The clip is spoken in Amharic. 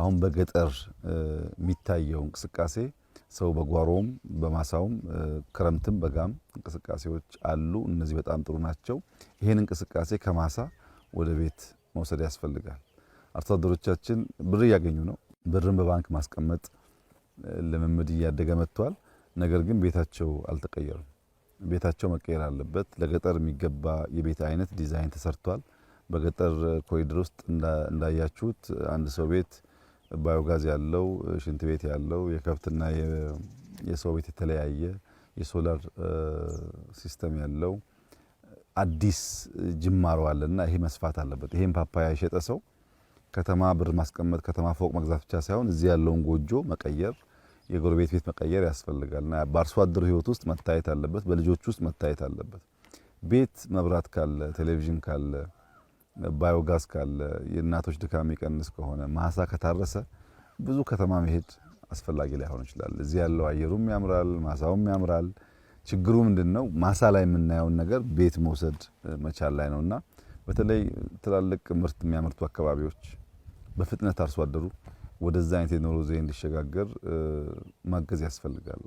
አሁን በገጠር የሚታየው እንቅስቃሴ ሰው በጓሮም በማሳውም ክረምትም በጋም እንቅስቃሴዎች አሉ። እነዚህ በጣም ጥሩ ናቸው። ይህን እንቅስቃሴ ከማሳ ወደ ቤት መውሰድ ያስፈልጋል። አርሶ አደሮቻችን ብር እያገኙ ነው። ብርን በባንክ ማስቀመጥ ልምምድ እያደገ መጥቷል። ነገር ግን ቤታቸው አልተቀየሩም። ቤታቸው መቀየር አለበት። ለገጠር የሚገባ የቤት አይነት ዲዛይን ተሰርቷል። በገጠር ኮሪደር ውስጥ እንዳያችሁት አንድ ሰው ቤት ባዮጋዝ ያለው ሽንት ቤት ያለው የከብትና የሰው ቤት የተለያየ የሶላር ሲስተም ያለው አዲስ ጅማሮ አለና ይሄ መስፋት አለበት። ይሄን ፓፓያ የሸጠ ሰው ከተማ ብር ማስቀመጥ ከተማ ፎቅ መግዛት ብቻ ሳይሆን እዚህ ያለውን ጎጆ መቀየር፣ የጎረቤት ቤት መቀየር ያስፈልጋልና በአርሶ አደሩ ህይወት ውስጥ መታየት አለበት፣ በልጆች ውስጥ መታየት አለበት። ቤት መብራት ካለ ቴሌቪዥን ካለ ባዮጋዝ ካለ የእናቶች ድካም የሚቀንስ ከሆነ ማሳ ከታረሰ ብዙ ከተማ መሄድ አስፈላጊ ላይሆን ይችላል። እዚህ ያለው አየሩም ያምራል፣ ማሳውም ያምራል። ችግሩ ምንድን ነው? ማሳ ላይ የምናየውን ነገር ቤት መውሰድ መቻል ላይ ነው እና በተለይ ትላልቅ ምርት የሚያመርቱ አካባቢዎች በፍጥነት አርሶ አደሩ ወደዛ አይነት የኖሮ ዘዬ እንዲሸጋገር ማገዝ ያስፈልጋል።